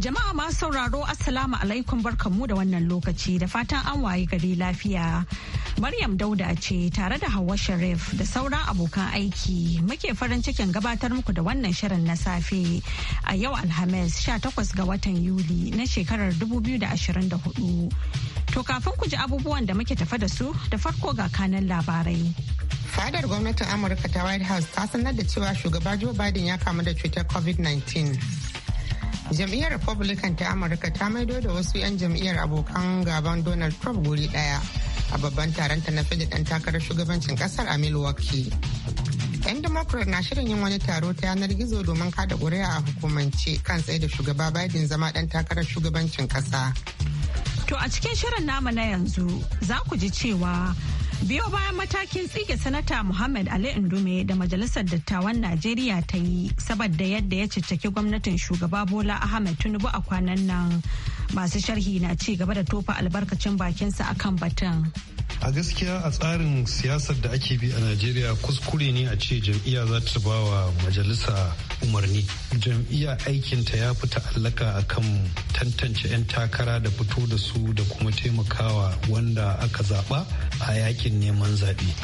Jama'a masu sauraro Assalamu alaikum barkanmu da wannan lokaci da fatan an waye gari lafiya. Maryam Dauda ce tare da Hauwa Sharif da sauran abokan aiki muke farin cikin gabatar muku da wannan shirin na safe a yau Alhamis 18 ga watan Yuli na shekarar 2024. To kafin ku ji abubuwan da muke tafa da su da farko ga kanan labarai. Fadar gwamnatin Amurka ta White House ta sanar da cewa shugaba Joe Biden ya kamu da cutar COVID-19. jam'iyyar republican ta amurka ta maido da wasu 'yan jam'iyyar abokan gaban donald trump guri daya a babban taron ta na fidda dan takarar shugabancin kasar a milwaukee 'yan democrat na shirin yin wani taro ta yanar gizo domin kada ƙuri'a a hukumance kan tsaye da shugaba biden zama dan takarar shugabancin kasa to a cikin shirin namu na yanzu za ku ji cewa biyo bayan matakin tsige sanata muhammad ali indume da majalisar dattawan najeriya ta yi saboda yadda ya cicciki gwamnatin shugaba bola ahmed tinubu a kwanan nan masu sharhi na ci gaba da tofa albarkacin bakinsa akan batun. a gaskiya a tsarin siyasar da ake bi a najeriya kuskure ne a ce jam'iyya za ta ba wa majalisa umarni jam'iyya ta ya fi ta'allaka a kan tantance 'yan takara da fito da su da kuma taimakawa wanda aka zaba a yakin neman zaɓe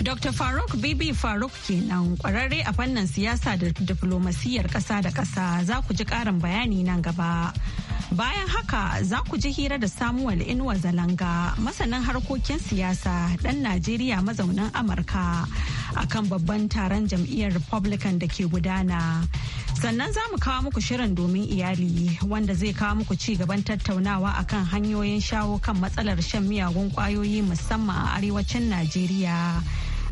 Dr. Faruk Bibi Faruk kenan kwararre a fannin siyasa da diflomasiyar ƙasa da ƙasa za ku ji ƙarin bayani nan gaba. Bayan haka za ku ji hira da Samuel Inuwa Zalanga masanin harkokin siyasa ɗan Najeriya mazaunin Amurka akan babban taron jam'iyyar Republican da ke gudana. Sannan za mu kawo muku shirin domin iyali wanda zai kawo muku ci gaban tattaunawa akan hanyoyin shawo kan matsalar shan miyagun kwayoyi musamman a arewacin Najeriya.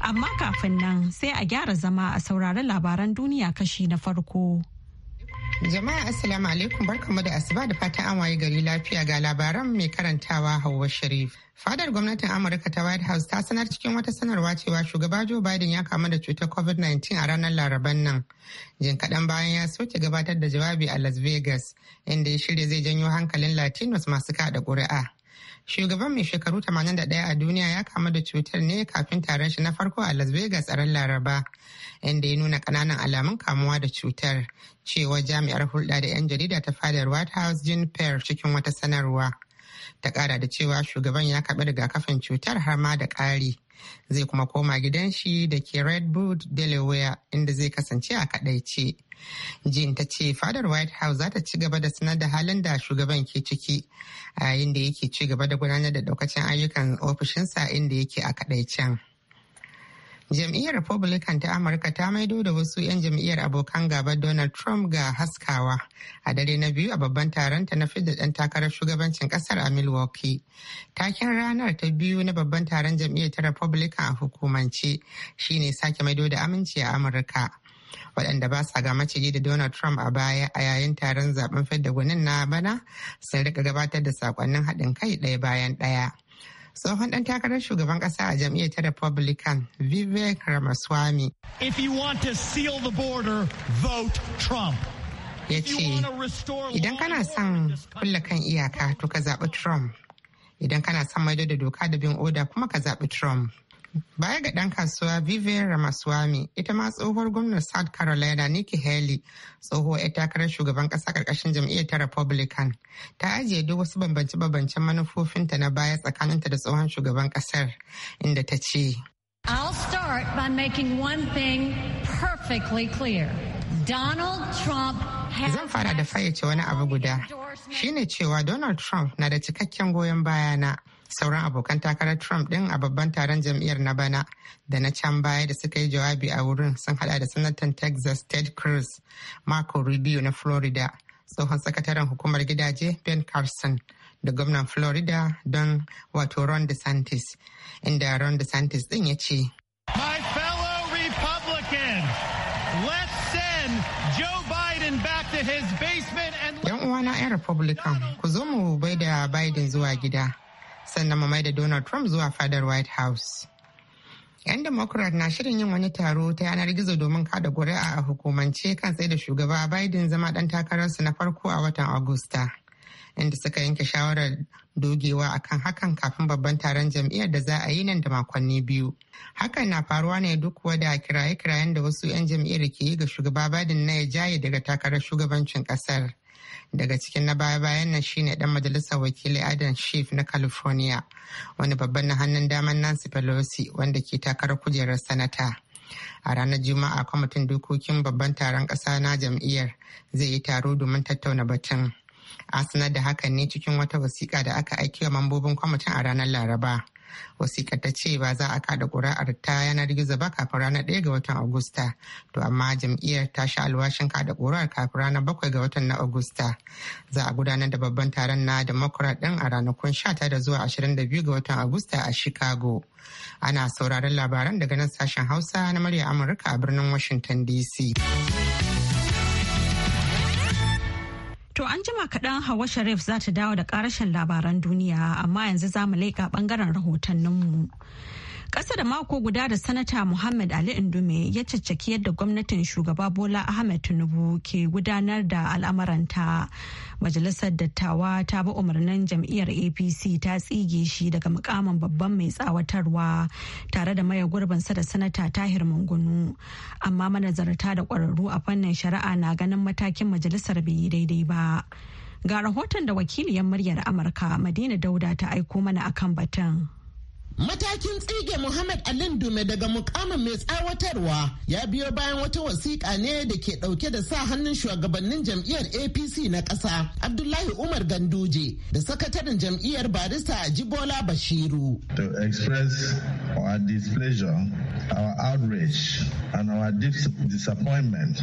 Amma kafin nan sai a gyara zama a saurari labaran duniya kashi na farko. Jama'a Assalamu alaikum barkamu da asuba da fatan an waye gari lafiya ga labaran mai karantawa Hauwa Sharif. Fadar gwamnatin Amurka ta White House ta sanar cikin wata sanarwa cewa shugaba Joe Biden ya kamu da cutar COVID-19 a ranar Laraban nan. Jin kaɗan bayan ya soke gabatar da jawabi a Las Vegas inda ya shirya zai janyo hankalin Latinos masu kaɗa ƙuri'a. Shugaban mai shekaru 81 a duniya ya kamu da cutar ne kafin taron shi na farko a Las Vegas a ran Laraba, inda ya nuna ƙananan alamun kamuwa da cutar, cewa jami'ar hulɗa da 'yan jarida ta fadar White House Jean Pierre cikin wata sanarwa. Ta ƙara da cewa shugaban ya karɓi rigakafin cutar har ma da ƙari. zai kuma koma gidan shi da ke redwood delaware inda zai kasance a kadaice jin ta ce fadar white house za ta ci gaba da sanar da halin da shugaban ke ciki a yayin da yake ci gaba da gudanar da daukacin ayyukan ofishinsa inda yake a kadaicen. jam'iyyar republican ta amurka ta maido da wasu 'yan jam'iyyar abokan gaba donald trump ga haskawa a dare na biyu a babban taron ta na fidda dan takarar shugabancin kasar a milwaukee takin ranar ta biyu na babban taron jam'iyyar ta republican a hukumance shine sake maido da aminci a amurka waɗanda ba sa ga maciji da Donald Trump a baya a yayin taron zaben fidda gwanin na bana sun rika gabatar da sakonnin haɗin kai ɗaya bayan ɗaya. tsohon ɗan takarar shugaban ƙasa a jam'iyyar ta Republican Vivek Ramaswamy. If you want to seal the border, vote Trump. Ya ce, idan kana son kulle kan iyaka to ka zaɓi Trump. Idan kana son maido da doka da bin oda kuma ka zaɓi Trump. Baya ga ɗan kasuwa Vivian Ramaswamy, ita ma tsohuwar gwamnan South Carolina Nikki Haley, tsohuwar ya takarar shugaban ƙasa ƙarƙashin jam'iyyar ta Republican, ta ajiye duk wasu bambance-bambancen manufofinta na baya tsakaninta da tsohon shugaban ƙasar, inda ta ce. I'll start by making one thing perfectly clear. Donald Trump Zan fara da fayyace wani abu guda, shine cewa Donald Trump na da cikakken goyon bayana. sauran abokan takarar Trump ɗin a babban taron jam'iyyar na bana da na can baya da suka yi jawabi a wurin sun hada da sanatan Texas Ted Cruz, Marco Rubio na Florida, tsohon sakataren hukumar gidaje Ben Carson da gwamnan Florida don wato Ron DeSantis, inda Ron DeSantis ɗin ya ce. My fellow Republicans, let's send Joe to his basement uwana 'yan Republican, ku zo mu bai da Biden zuwa gida. sannan mu mai da donald trump zuwa fadar white house 'yan democrat na shirin yin wani taro ta yanar gizo domin kada kuri'a a hukumance kan sai da shugaba biden zama dan takararsu na farko a watan agusta inda suka yanke shawarar dogewa akan hakan kafin babban taron jam'iyyar da za a yi nan da makonni biyu hakan na faruwa ne duk wada kiraye-kirayen da wasu 'yan jam'iyyar ke yi ga shugaba biden na ya jaye daga takarar shugabancin kasar daga cikin na baya-bayan nan shine dan majalisar wakili adam schiff na california wani babban na hannun daman nancy pelosi wanda ke takarar kujerar sanata a ranar juma'a kwamitin dokokin babban taron ƙasa na jam'iyyar zai yi taro domin tattauna batun A sanar da hakan ne cikin wata wasiƙa da aka aiki wa mambobin kwamitin a ranar laraba wasiƙa ta ce ba za a kada kuri'ar ta yanar gizo ba kafin ranar ɗaya ga watan agusta to amma jam'iyyar ta sha alwashin kada kuri'ar kafin ranar bakwai ga watan na agusta za a gudanar da babban taron na democrat ɗin a ranakun sha da zuwa ashirin da biyu ga watan agusta a chicago ana sauraron labaran daga nan sashen hausa na murya amurka a birnin washington dc To an jima kaɗan Hauwa Sharif za ta dawo da ƙarashin labaran duniya amma yanzu za mu leƙa ɓangaren rahotanninmu. Ƙasa da mako guda da Sanata Muhammad Ali Indume ya caccaki yadda gwamnatin shugaba Bola Ahmed Tinubu ke gudanar da al'amuranta. Majalisar dattawa ta bi umarnin jam'iyyar APC ta tsige shi daga mukamin babban mai tsawatarwa tare da maye gurbinsa da Sanata Tahir Mangunu. Amma manazarta da ƙwararru a fannin shari'a na ganin matakin majalisar bai yi daidai ba. Ga rahoton da wakiliyar muryar Amurka Madina Dauda ta aiko mana akan batun. Matakin tsige Muhammad Alin Dume daga mukamin mai tsawatarwa ya biyo bayan wata wasiƙa ne da ke ɗauke da sa hannun shugabannin jam'iyyar APC na ƙasa Abdullahi Umar Ganduje da sakataren jam'iyyar barista Jibola Bashiru. To express our displeasure, our outrage and our disappointment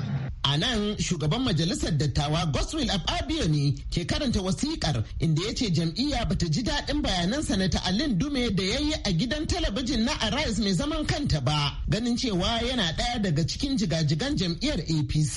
A nan shugaban majalisar dattawa Goswill Ababio ne ke karanta wasiƙar inda ya ce jam'iyya bata ji daɗin bayanan sanata Alin Dume da ya a gidan talabijin na Arise mai zaman kanta ba, ganin cewa yana ɗaya daga cikin jigajigan jam'iyyar APC.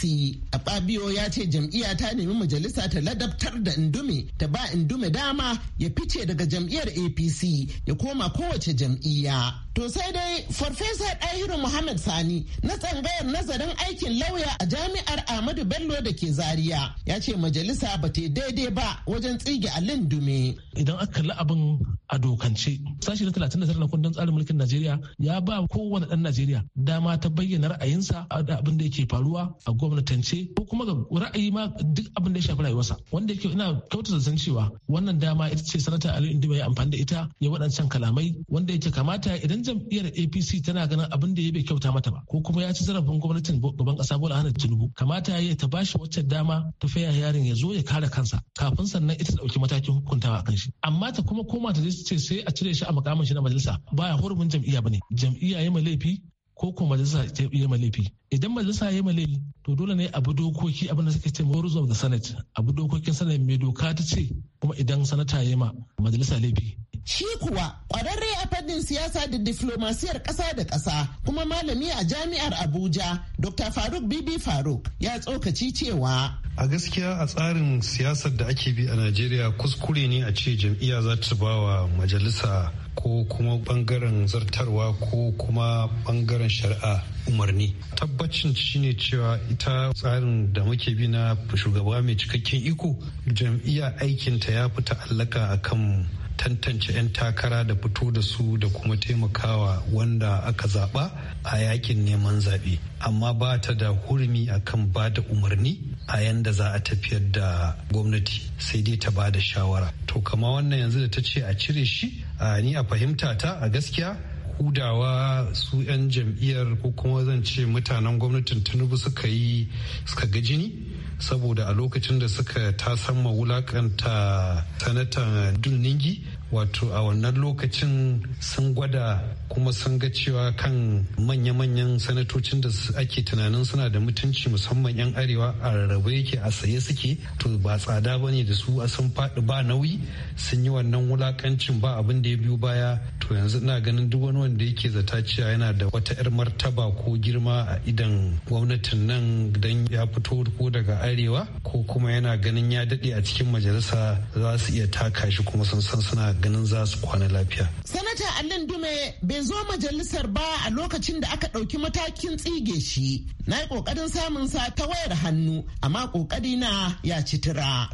Fabio ya ce jam'iyya ta nemi majalisa ta ladabtar da Indume, ta ba Indume dama ya fice daga jam'iyyar APC ya koma kowace jam'iyya. To sai dai Farfesa Ɗahiru Muhammad Sani na tsangayar nazarin aikin lauya a jami'ar Ahmadu Bello da ke Zaria ya ce majalisa ba ta daidai ba wajen tsige alin dume. Idan aka kalli abin a dokance, sashi na 69 na kundin tsarin mulkin Najeriya ya ba kowane dan Najeriya dama ta bayyana ra'ayinsa a abin da yake faruwa a gwamnatance ko kuma ga ra'ayi ma duk abin da ya shafi rayuwarsa wanda yake ina kyautata zan cewa wannan dama ita ce sanata Ali Indiba ya amfani da ita ya waɗancan kalamai wanda yake kamata idan jam'iyyar APC tana ganin abin da ya bai kyauta mata ba ko kuma ya ci zarafin gwamnatin gaban ƙasa Bola Ahmed Tinubu kamata ya ta bashi wacce dama ta faya yarin ya zo ya kare kansa kafin sannan ita ta ɗauki matakin hukuntawa kan shi amma ta kuma koma ta ce sai a cire shi a makamin shi na majalisa baya hurumin jam'iyya bane jam'iyya yayi malafi ko kuma majalisa yayi malafi idan majalisa yayi malafi to dole ne a bi dokoki abin da suke ce rules of the senate bi dokokin senate mai doka ta ce kuma idan sanata yayi ma majalisa laifi Shi kuwa kwararre a fannin siyasa da diflomasiyar ƙasa da ƙasa kuma malami a jami'ar Abuja Dr. Faruk Bibi Faruk ya tsokaci cewa. A gaskiya a tsarin siyasar da ake bi a Najeriya kuskure ne a ce jam'iyya za ta ba wa majalisa ko kuma bangaren zartarwa ko kuma bangaren shari'a umarni tabbacin shine cewa ita tsarin da muke bi na shugaba mai cikakken iko jam'iyya aikinta ya fi ta'allaka akan tantance 'yan takara da fito da su da kuma taimakawa wanda aka zaɓa a yakin neman zaɓe amma ba ta da hurumi akan ba da umarni a yanda za a tafiyar da gwamnati sai dai ta ba da shawara to kama wannan yanzu da ta ce a cire shi a ni a fahimta ta a gaskiya hudawa su 'yan jam'iyyar ko kuma zan ce mutanen gwamnatin tinubu suka yi suka ga jini saboda a lokacin da suka ta tasamma wulakanta sanatan dunningi wato a wannan lokacin sun gwada kuma sun ga cewa kan manya-manyan sanatocin da ake tunanin suna da mutunci musamman 'yan arewa a rarrabe yake a saye suke to ba tsada ba ne da su a sun faɗi ba nauyi sun yi wannan wulakancin ba abin da ya biyu baya to yanzu ina ganin duk wani wanda yake zata cewa yana da wata 'yar martaba ko girma a idan gwamnatin nan dan ya fito ko daga arewa ko kuma yana ganin ya daɗe a cikin majalisa za su iya taka shi kuma sun san suna ganin za su kwana lafiya. Sanata Alin Dume bai zo majalisar ba a lokacin da aka ɗauki matakin tsige shi. Na yi ƙoƙarin samun sa ta wayar hannu amma ƙoƙari na ya ci tura.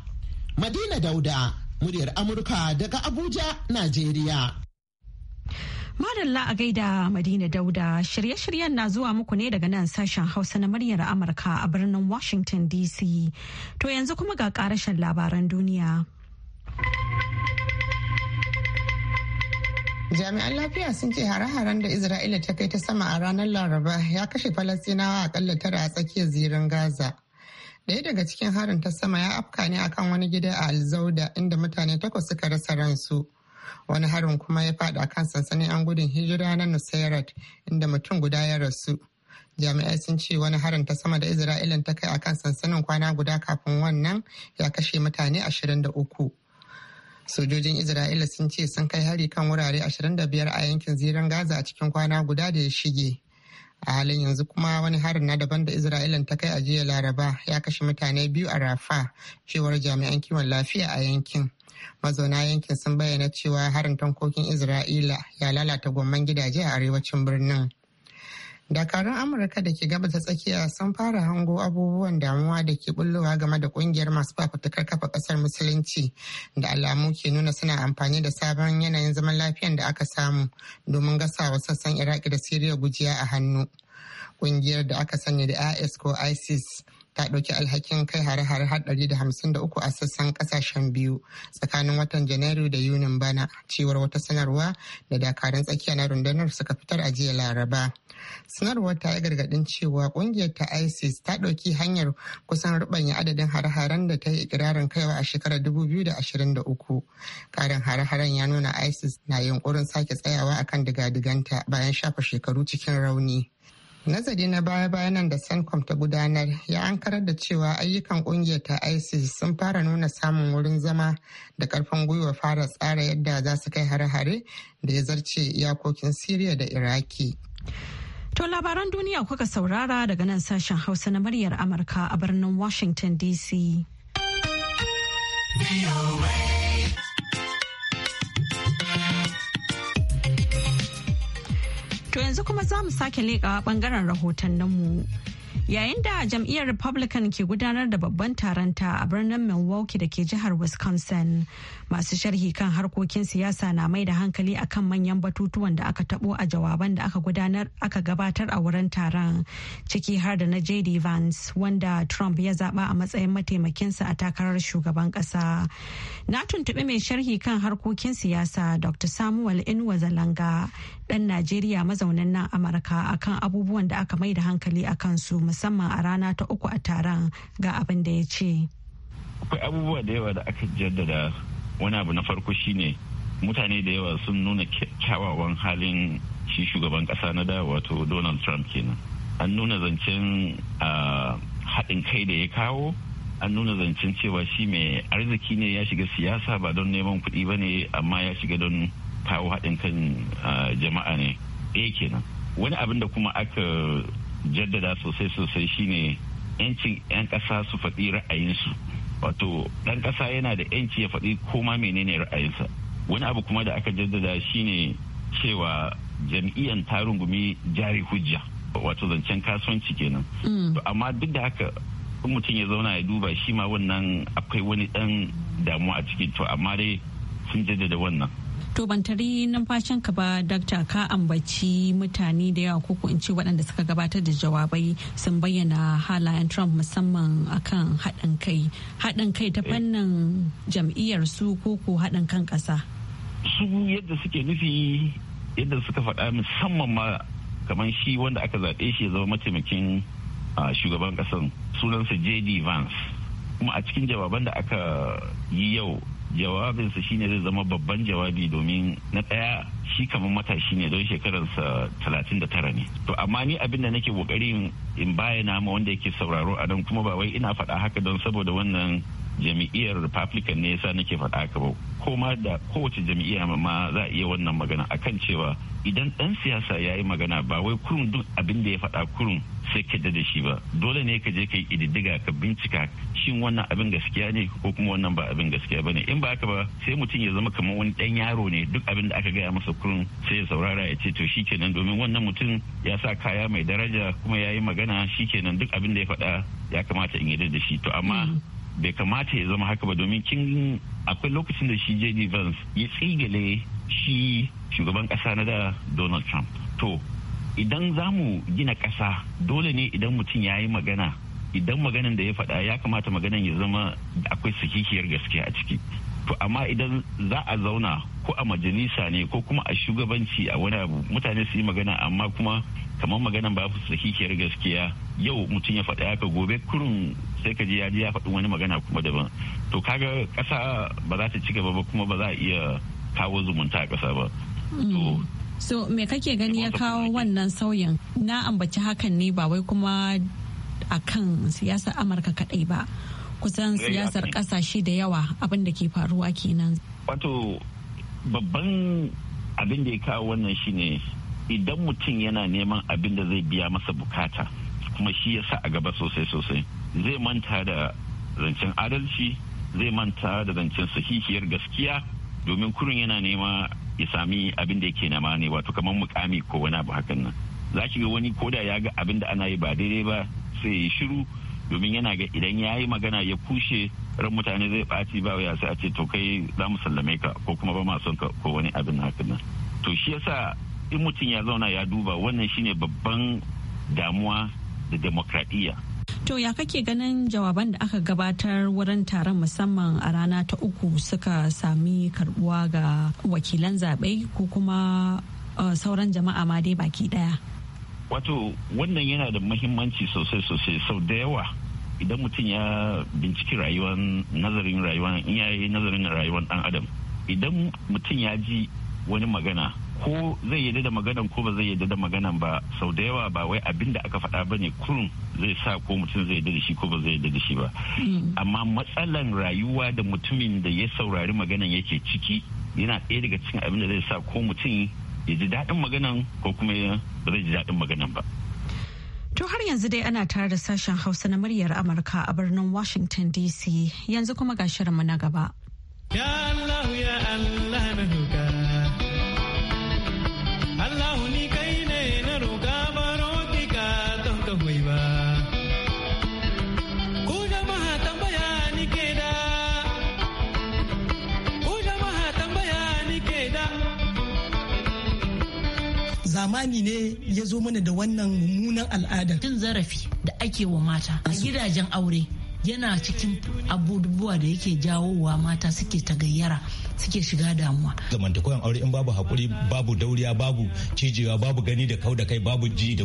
Madina Dauda, muryar Amurka daga Abuja, Najeriya. Madalla a gaida Madina Dauda shirye-shiryen na zuwa muku ne daga nan sashen Hausa na muryar Amurka a birnin Washington DC. To yanzu kuma ga karashen labaran duniya. jami'an lafiya sun ce hare-haren da isra'ila ta kai ta sama a ranar laraba ya kashe falastinawa akalla tara a tsakiyar zirin gaza daya daga cikin harin ta sama ya afka ne akan wani gida a alzauda inda mutane takwas suka rasa ransu wani harin kuma ya a kan sansanin an gudun hijira na nusairat inda mutum guda ya rasu jami'ai sun ce wani harin ta sama da Isra'ila ta kai akan sansanin kwana guda kafin wannan ya kashe mutane ashirin da uku. sojojin isra'ila sun ce sun kai hari kan wurare 25 a yankin ziran gaza a cikin kwana guda da ya shige a halin yanzu kuma wani harin na daban da isra'ilan ta kai a jiya laraba ya kashe mutane biyu a rafa cewar jami'an kiwon lafiya a yankin mazauna yankin sun bayyana cewa harin tankokin isra'ila ya lalata gwamman gidaje a arewacin birnin dakarun amurka da ke gaba ta tsakiya sun fara hango abubuwan damuwa da ke bullowa game da kungiyar masu fafutukar kafa kasar musulunci da alamu ke nuna suna amfani da sabon yanayin zaman lafiyan da aka samu domin gasawa sassan iraki da siriya gujiya a hannu kungiyar da aka sanya da is ko isis ta ɗauki alhakin kai hare-hare har ɗari da uku a sassan ƙasashen biyu tsakanin watan janairu da yunin bana cewar wata sanarwa da dakarun tsakiya na rundunar suka fitar a jiya laraba sanarwar ta yi gargadin cewa ƙungiyar ta isis ta ɗauki hanyar kusan rubanya adadin hare-haren da ta yi ikirarin kaiwa a shekarar 2023 karin hare-haren ya nuna isis na yunkurin sake tsayawa akan diga-diganta bayan shafa shekaru cikin rauni Nazari na baya-bayanan da Sancom ta gudanar ya ankarar da cewa ayyukan kungiyar ta ISIS sun fara nuna samun wurin zama da karfin gwiwa fara tsara yadda za su kai hare-hare da ya zarce iyakokin Siriya da Iraki. To labaran duniya kuka saurara daga nan sashen Hausa na muryar Amurka a birnin Washington DC. To yanzu kuma za mu sake leƙawa ɓangaren rahotanninmu. Yayin da jam'iyyar Republican ke gudanar da babban taronta a birnin Milwaukee da ke jihar Wisconsin, masu sharhi kan harkokin siyasa na mai da hankali akan manyan batutuwan da aka tabo a jawaban da aka gudanar aka gabatar a wurin taron, ciki har da na J.D. Vance wanda Trump ya zaba a matsayin mataimakinsa a takarar shugaban kasa. Na tuntuɓi mai sharhi kan harkokin siyasa Dr. Samuel Inwa Zalanga ɗan Najeriya mazaunan nan Amurka akan abubuwan da aka mai da hankali a kansu musamman a rana ta uku a taron ga abin da ya ce. Akwai abubuwa da yawa da aka jaddada wani abu na farko shine mutane da yawa sun nuna kyawawan halin shi shugaban ƙasa na da wato Donald Trump kenan. An nuna zancen haɗin kai da ya kawo an nuna zancen cewa shi mai arziki ne ya shiga siyasa ba don neman kuɗi ba ne amma ya shiga don kawo haɗin kan jama'a ne ɗaya eh, kenan wani abin da kuma aka jaddada sosai sosai shine yancin 'yan ƙasa su faɗi ra'ayinsu wato ɗan ƙasa yana da yanci ya faɗi koma menene ra'ayinsa wani abu kuma da aka jaddada shine cewa jam'iyyar ta rungumi jari hujja wato zancen kasuwanci kenan mm. amma duk da haka in mutum ya zauna ya duba shi ma wannan akwai wani ɗan damuwa a cikin to amma dai sun jaddada wannan to ban tari numfashin ka ba dakta ka ambaci mutane da yawa koko in ce waɗanda suka gabatar da jawabai sun bayyana halayen trump musamman akan haɗin kai haɗin kai ta eh. fannin jam'iyyar su koko haɗin kan ƙasa su yadda suke nufi yadda suka faɗa musamman ma kamar shi wanda aka zaɓe shi ya zama mataimakin shugaban ƙasan sunansa jd vance kuma a cikin jawaban da aka yi yau jawabinsa shine zai zama babban jawabi domin na ɗaya shi kamar matashi ne don shekararsa talatin da tara ne to amma ni abin da nake kokari in bayyana ma wanda yake sauraro a nan kuma ba wai ina faɗa haka don saboda wannan jami'iyar republican ne yasa nake faɗa ka ba ko ma da kowace jam'iyya ma za a iya wannan magana akan cewa idan ɗan siyasa ya yi magana ba wai kurun duk abin da ya faɗa kurun sai ka da shi ba dole ne ka je ka yi ididdiga ka bincika shin wannan abin gaskiya ne ko kuma wannan ba abin gaskiya ba ne in ba haka ba sai mutum ya zama kamar wani ɗan yaro ne duk abin da aka gaya masa kurun sai ya saurara ya ce to shi kenan domin wannan mutum ya sa kaya mai daraja kuma ya yi magana shi kenan duk abin da ya faɗa ya kamata in yi da shi to amma mm. bai kamata ya zama haka ba domin kin akwai lokacin da shi jd vance ya tsigale shi shugaban kasa na da donald trump to idan za mu gina kasa dole ne idan mutum ya yi magana idan maganan da ya faɗa ya kamata maganan ya zama akwai sakikiyar gaske a ciki to amma idan za a zauna ko a majalisa ne ko kuma a shugabanci a wani abu mutane su yi magana amma kuma kamar magana ba su sahihiyar gaskiya yau mutum ya faɗi haka gobe kurun sai ka ji ya ya faɗi wani magana kuma daban to kaga ƙasa ba za ta ci gaba ba kuma ba za a iya kawo zumunta a ƙasa ba hmm. so me kake gani ya kawo wannan sauyin na ambaci hakan ne ba wai kuma akan siyasar amurka kadai ba kusan siyasar kasashe da yawa abin da ke faruwa kenan. Wato babban abin da ya kawo wannan shine idan mutum yana neman abin da zai biya masa bukata kuma shi ya sa a gaba sosai sosai zai manta da zancen adalci zai manta da zancen sahihiyar gaskiya domin kurin yana nema ya sami abin da yake nama ne wato kamar mukami ko wani abu hakan nan za ga wani koda ya ga abin da ana yi ba daidai ba sai ya shiru domin yana ga idan ya yi magana ya kushe ran mutane zai ɓaci ba ya sai a ce to kai za mu sallame ka ko kuma ba ma son ka ko wani abin haka nan to shi yasa in mutum ya zauna ya duba wannan shine babban damuwa da demokradiyya To ya kake ganin jawaban da aka gabatar wurin taron musamman a rana ta uku suka sami karbuwa ga wakilan zaɓe ko kuma eh, sauran jama'a ma dai baki ɗaya? wato wannan yana da mahimmanci sosai sosai sau da yawa idan mutum ya binciki rayuwar nazarin rayuwar in nazarin rayuwar dan adam idan mutum ya ji wani magana ko zai yadda da maganan ko ba zai yadda da maganan ba sau da yawa ba wai abin da aka faɗa ba ne kurun zai sa ko mutum zai yadda da shi ko ba zai yadda da shi ba hmm. amma matsalan rayuwa da mutumin da ya saurari maganan yake ciki yana ɗaya daga cikin abin da zai sa ko mutum ya ji daɗin maganan ko kuma ba zai ji daɗin maganan ba. To har yanzu dai ana tare da sashen Hausa na muryar Amurka a birnin Washington DC yanzu kuma ga shirinmu na gaba. Ya Allah ya Allah. zamani ne ya zo mana da wannan mummunan al'ada cin zarafi da ake wa mata a gidajen aure yana cikin abubuwa da yake jawowa mata suke gayyara suke shiga damuwa. zamantakewan aure in babu haƙuri babu dauriya babu cijewa babu gani da kau da kai babu ji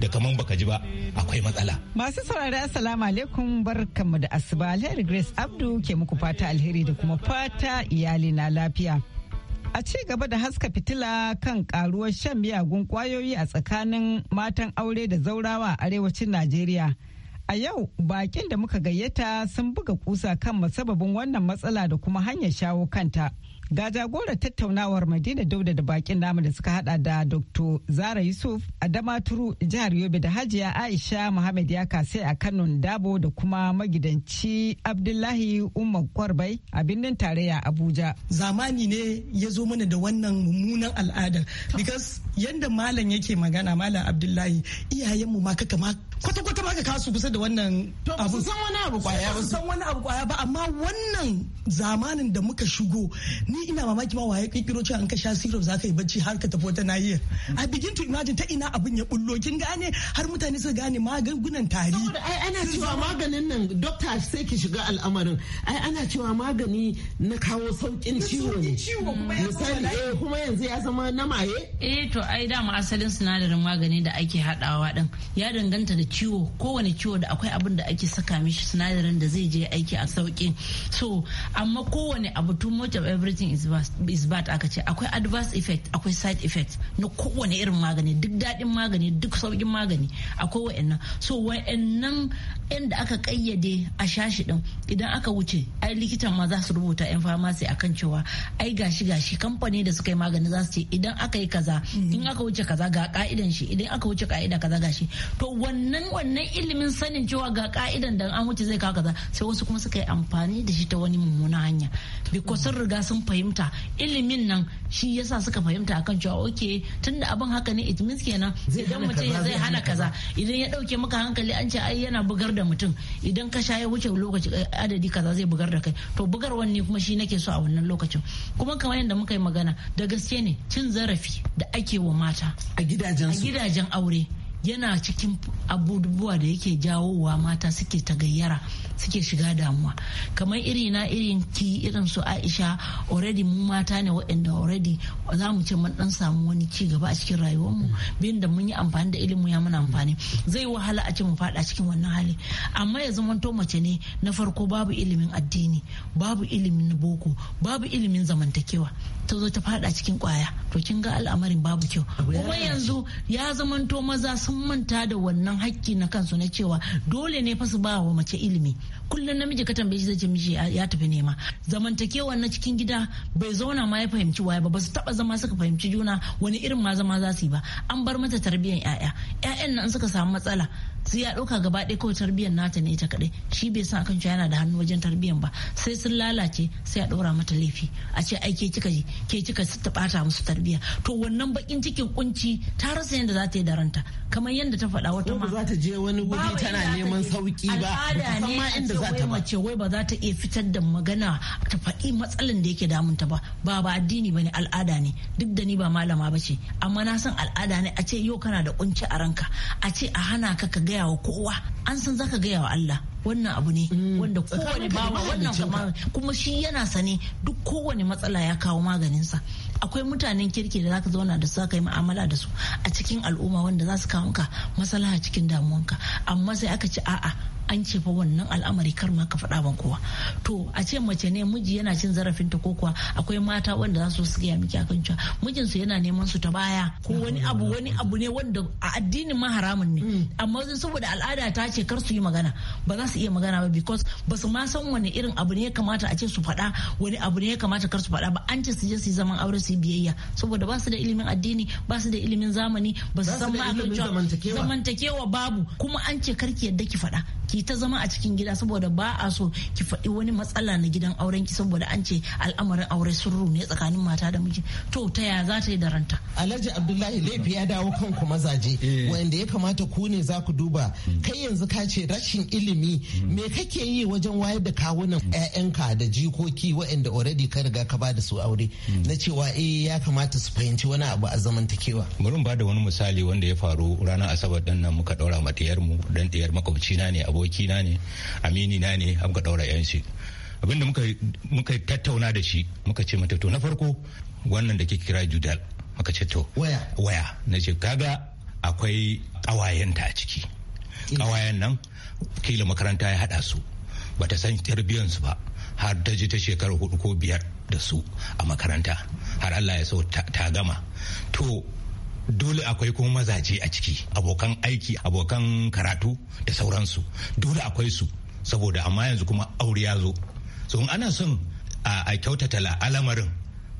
da kaman baka ji ba akwai matsala. masu saurari assalamu alaikum barkamu da asuba alheri grace abdu ke muku fata alheri da kuma fata iyali na lafiya. A ci gaba da haska fitila kan karuwar shan miyagun kwayoyi a tsakanin matan aure da zaurawa a arewacin Najeriya. A yau bakin da muka gayyata sun buga kusa kan masababin wannan matsala da kuma hanyar shawo kanta. Ga jagorar tattaunawar Madina Dauda da bakin namu da suka hada da Dr. Zara Yusuf a Adamaturu jihar Yobe da Hajiya Aisha Muhammad ya kasai a kano Dabo da kuma magidanci Abdullahi Umar Kwarbai a birnin tarayya Abuja. Zamani ne ya zo mana da wannan mummunan al'adar. Because yadda malam yake magana malam Abdullahi iyayenmu ma kaka ma kwata-kwata ba ka kasu kusa da wannan abu san wani abu kwaya ba san wani abu kwaya ba amma wannan zamanin da muka shigo ni ina mamaki ma waye kikiro cewa an ka sha syrup ka yi bacci har ka tafi wata nahiyar a mm. begin to imagine ta ina abin ya bullo kin gane har mutane su gane magungunan tari ai ana cewa maganin nan doctor sai ki shiga al'amarin ai ana cewa magani na kawo saukin ciwo ne misali eh kuma yanzu ya zama na maye eh to ai dama asalin sinadarin magani da ake hadawa din ya danganta da ciwo kowane ciwo da akwai abin da ake saka mishi sinadarin da zai je aiki a sauƙi so amma kowane abu too much of everything is bad aka ce akwai adverse effect akwai side effect na kowane irin magani duk daɗin magani duk sauƙin magani akwai wa'annan so wa'annan da aka ƙayyade a shashi din idan aka wuce ai likitan ma za su rubuta yan famasi akan cewa ai gashi gashi kamfani da suka yi magani za su ce idan aka yi kaza in aka wuce kaza ga ka'idan shi idan aka wuce ka'ida kaza gashi to wannan wannan wannan ilimin sanin cewa ga ka'idan da an wuce zai kawo kaza sai wasu kuma suka yi amfani da shi ta wani mummuna hanya because sun riga sun fahimta ilimin nan shi yasa suka fahimta akan cewa oke tunda abin haka ne it means kenan idan mutum ya zai hana kaza idan ya dauke maka hankali an ce ai yana bugar da mutum idan ka sha ya wuce lokaci eh, adadi kaza zai bugar da kai to bugarwan ne kuma shi nake so a wannan lokacin kuma kamar yadda muka yi magana da gaske ne cin zarafi da ake wa mata a gidajen aure yana cikin abubuwa da yake jawowa mata suke ta gayyara suke shiga damuwa kamar iri na irin ki irin su aisha already mu mata ne waɗanda already za mu ce mun dan samu wani ci gaba a cikin rayuwarmu bin da mun yi amfani da ilimin ya mana amfani zai wahala a ce mu fada cikin wannan hali amma ya zama to mace ne na farko babu ilimin addini babu ilimin boko babu ilimin zamantakewa ta zo ta faɗa cikin kwaya to kin ga al'amarin babu kyau kuma yanzu ya zama to maza sun sun manta da wannan hakki na kansu na cewa dole ne fa su ba wa mace ilimi kullum namiji ka tambaye shi zai ce miji ya tafi nema zamantakewa na cikin gida bai zauna ma ya fahimci waye ba ba su taba zama suka fahimci juna wani irin ma zama za su yi ba an bar mata tarbiyyar 'ya'ya 'ya'yan nan suka samu matsala sai ya ɗauka gaba ɗaya kawai tarbiyyar nata ne ta kaɗai shi bai san akan yana da hannu wajen tarbiyyar ba sai sun lalace sai a ɗora mata laifi a ce ai ke kika ke kika ta ɓata musu tarbiyya to wannan bakin cikin kunci ta rasa yadda za ta yi da ranta kamar yadda ta faɗa wata ma za ta je wani wuri tana neman sauki ba al'ada ne inda za ta mace wai ba za ta iya fitar da magana ta faɗi matsalan da yake damunta ba ba ba addini bane al'ada ne duk da ni ba malama ba ce amma na san al'ada ne a ce yau kana da kunci a ranka a ce a hana ka ka gaya wa kowa an san zaka gaya wa Allah wannan abu ne mm. wanda kowane bawa wannan kamar kuma shi yana sane duk kowane matsala ya kawo maganinsa akwai mutanen kirki da zaka zauna da su zaka yi mu'amala da su a cikin al'umma wanda za su kawo ka a cikin damuwanka amma sai aka ci a'a an ce fa wannan al'amari kar ma ka faɗa ban kowa to a ce mace ne miji yana cin zarafin ta ko kuwa akwai mata wanda za su su gaya miki akan cewa mijin su yana neman su ta baya ko wani abu wani abu ne wanda a addinin ma haramun ne mm. amma saboda al'ada ta ce kar su yi magana ba za su iya magana ba because ba su ma san wani irin abu ne ya kamata a ce su faɗa wani abu ne ya kamata kar su faɗa ba an ce su je su yi zaman aure su yi biyayya saboda ba su da ilimin addini ba su da ilimin zamani ba su san ma akan cewa zamantakewa babu kuma an ce kar ki yadda ki faɗa ki ta zama a cikin gida saboda ba a so ki faɗi wani matsala na gidan auren ki saboda an ce al'amarin aure sururu ne tsakanin mata da miji to ta ya za ta yi da ranta alhaji abdullahi laifi ya dawo kanku mazaje eh. wanda ya kamata ku ne za ku duba kai yanzu ka ce rashin ilimi me kake yi wajen wayar da kawunan 'ya'yanka da jikoki waɗanda already ka riga ka ba da su aure hmm. na cewa eh ya kamata su fahimci wani abu a zamantakewa bari ba da wani misali wanda ya faru ranar asabar dan nan muka ɗaura ma mu dan diyar makwabcina ne abokin na ne aminina ne abga daura yan shi abinda muka tattauna da shi muka ce mata to na farko wannan da ke kira judal muka ce to waya waya na ce kaga akwai kawayenta a ciki kawayen nan kila makaranta ya hada su ba ta san su ba har ta ji ta shekaru hudu ko biyar da su a makaranta har Allah ya so ta gama to dole akwai kuma mazaje a ciki abokan aiki abokan karatu da sauransu dole akwai su saboda amma yanzu kuma aure ya zo so in ana son a kyautata al'amarin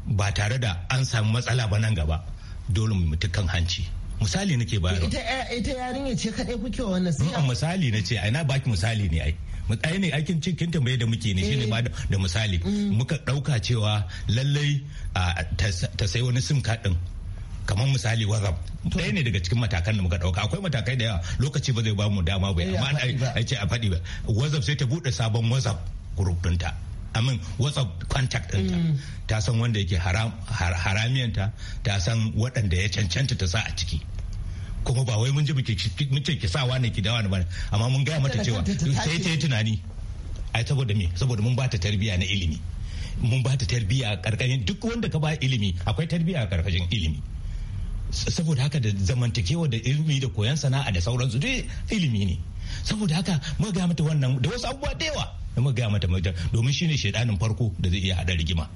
ba tare da an samu matsala ba nan gaba dole mu kan hanci misali nake ba ita yarinya ce kadai kuke wannan sai mm, misali na ce na baki misali ne ai mutsayi ne aikin cikin tambaye da muke ne shine eh. ba da misali mm. muka dauka cewa lallai ta sai wani sim card din kamar misali whatsapp ɗaya ne daga cikin matakan da muka ɗauka akwai matakai da yawa lokaci ba zai ba mu dama ba eh, amma a ce a faɗi ba whatsapp sai ta buɗe sabon whatsapp group ɗinta amin whatsapp contact ɗinta mm. ta san wanda yake haramiyanta ta san waɗanda ya cancanta ta sa a ciki kuma ba wai mun ji muke ki sawa ne ki dawa ne ba amma mun gaya mata cewa sai ta yi tunani ai saboda me saboda mun ba ta tarbiyya na ilimi mun ba ta tarbiyya a karkashin duk wanda ka ba ilimi akwai tarbiyya a karkashin ilimi saboda haka da zamantakewa da ilimi da koyon sana'a da sauransu duk ilimi ne saboda haka muka gaya mata wannan da wasu abubuwa da yawa da muka gaya mata mata domin shine shedanin farko da zai iya hada rigima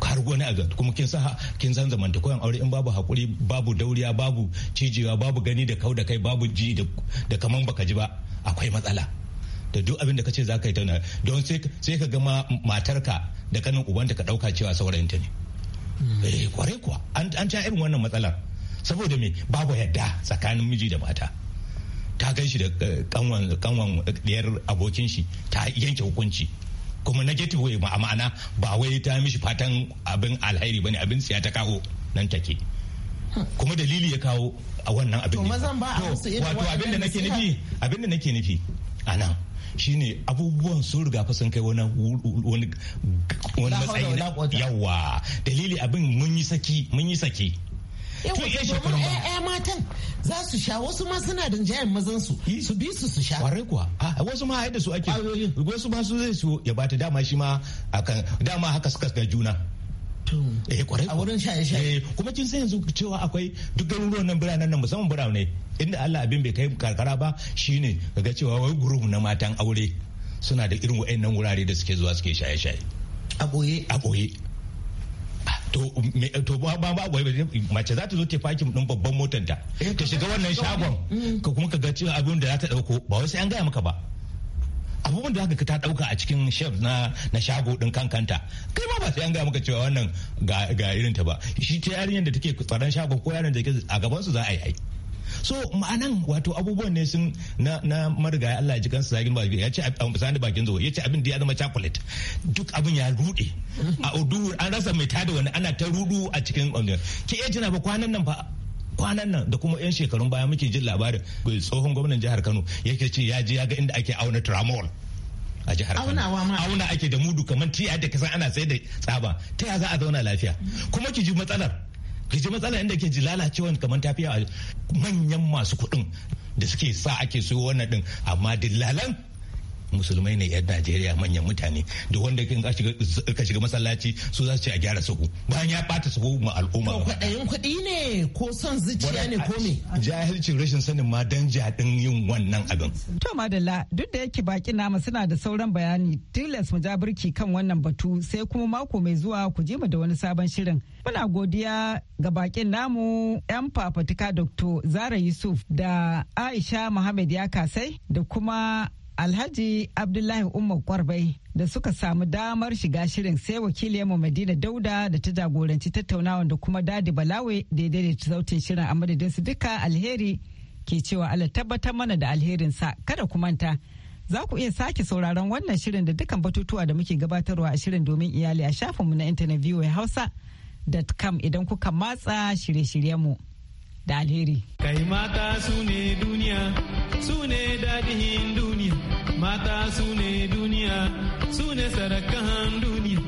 har wani aga kuma kin san kin san zamantakewa aure in babu hakuri babu dauriya babu cijewa babu gani da kau da kai babu ji da kaman baka ji ba akwai matsala da duk abin da kace za ka yi tauna don sai ka ga matarka da kanin ubanta ka dauka cewa saurayinta ne kwarai kuwa an ta irin wannan matsalar saboda me babu yadda tsakanin miji da mata ta kai shi da eh, kanwan kanwan eh, diyar abokin shi ta yanke hukunci kuma negative way ma ma'ana ba wai ta mishi fatan abin alheri bane abin siya ta kawo nan take kuma dalili ya kawo a wannan abin ne wato abin da nake nufi abin da nake nufi a nan shine abubuwan sun riga fa sun kai wani wani matsayi na yawa dalili abin mun yi saki mun yi saki yawa domin ƴaƴa matan za su sha wasu ma suna da jayen mazan su su bi su su sha kwarai kuwa ah, wasu ma haida su ake wasu ma su zai su ya bata dama shi ma akan dama haka suka ga juna eh kwarai a wurin shaye shaye eh, kuma kin san yanzu cewa akwai duk garuruwan nan biranen nan musamman birane inda Allah abin bai kai karkara ba shine kaga cewa wai gurubu na matan aure suna da irin wa'annan wurare da suke zuwa suke shaye shaye a boye a boye to to ba ba ba mace za ta zo ta fakin din babban motar eh, ta shiga wannan shagon mm. ka kuma kaga cewa abin da za ta dauko ba wai sai an gaya maka ba abubuwan da aka ta dauka a cikin shef na na shago din kanta kai ma ba sai an ga maka cewa wannan ga irin ta ba shi ta yarinyar da take tsaron shago ko yaron da a gaban su za a yi so ma'anan wato abubuwan ne sun na na marigaya Allah ji kansa zagin bakin ya ce bakin zuwa ya ce abin da ya zama chocolate duk abin ya rude a udu an rasa mai tada wani ana ta rudu a cikin ke iya jina ba kwanan nan ba kwanan nan da kuma 'yan shekarun baya muke jin labarin eh, tsohon gwamnan jihar kano yake ce ya ji ya ga inda ake auna tramol a jihar Kano. Auna ake da mudu kamar tiya da kasan ana sai da tsaba. Ta ya za a zauna lafiya. Kuma ki ji matsalar. Ki ji matsalar inda ke ji lalacewa kamar tafiya manyan masu kuɗin da suke sa ake so wannan din amma dillalan musulmai ne yan najeriya manyan mutane da wanda ka shiga masallaci su za su ce a gyara sahu bayan ya bata sahu ma al'umma ko kwaɗayin kuɗi ne ko son zuciya ne ko me jahilcin rashin sanin ma dan jaɗin yin wannan abin to madalla duk da yake baki nama suna da sauran bayani tilas mu birki kan wannan batu sai kuma mako mai zuwa ku je mu da wani sabon shirin muna godiya ga bakin namu yan fafatuka dr zara yusuf da aisha muhammad ya kasai da kuma Alhaji Abdullahi Umar Kwarbai da suka samu damar shiga shirin sai wakiliyarmu Madina Dauda da ta jagoranci tattaunawa da kuma Dadi Balawe daidai da sautin shirin a madadin su duka alheri ke cewa Allah tabbatar mana da alherin sa kada ku manta. Za ku iya sake sauraron wannan shirin da dukkan batutuwa da muke gabatarwa a shirin domin iyali a shafinmu na intanet hausa.com idan kuka matsa shirye-shiryenmu da alheri. Kai mata su ne duniya, su ne dadihin duniya. mata su ne duniya su ne sarakan duniya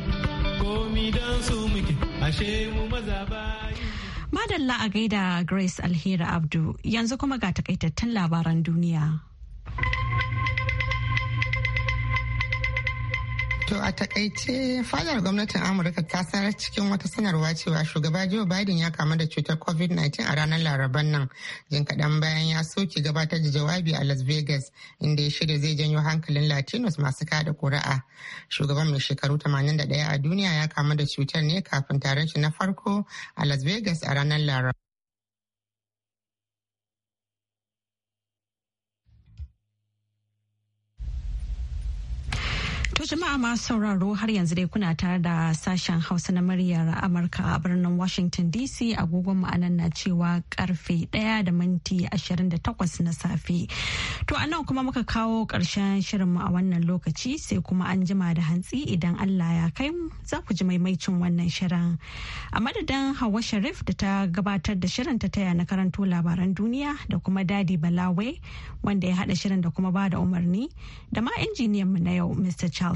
komi don su muke ashe mu maza ba madalla a gaida grace alheri abdu yanzu kuma ga takaitattun labaran duniya To a takaice fadar gwamnatin Amurka ta sanar cikin wata sanarwa cewa shugaba Joe Biden ya kama da cutar COVID-19 a ranar Laraban nan jin kaɗan bayan ya soke gabatar da jawabi a Las Vegas inda ya shirya zai janyo hankalin Latinos masu kada kuri'a. Shugaban mai shekaru 81 a duniya ya kama da cutar ne kafin taron shi na farko a Las Vegas a ranar Laraba. jama'a masu sauraro har yanzu dai kuna tare da sashen Hausa na muryar Amurka a birnin Washington DC agogon ma'anan na cewa karfe ɗaya da minti 28 na safe. To a nan kuma muka kawo shirin shirinmu a wannan lokaci sai kuma an jima da hantsi idan Allah ya kai za ku ji maimaicin wannan shirin. A madadin Hawa Sharif da ta gabatar da shirin ta taya na karanto labaran duniya da kuma Dadi Balawe wanda ya haɗa shirin da kuma ba da umarni da ma injiniyan mu na yau Mr. Charles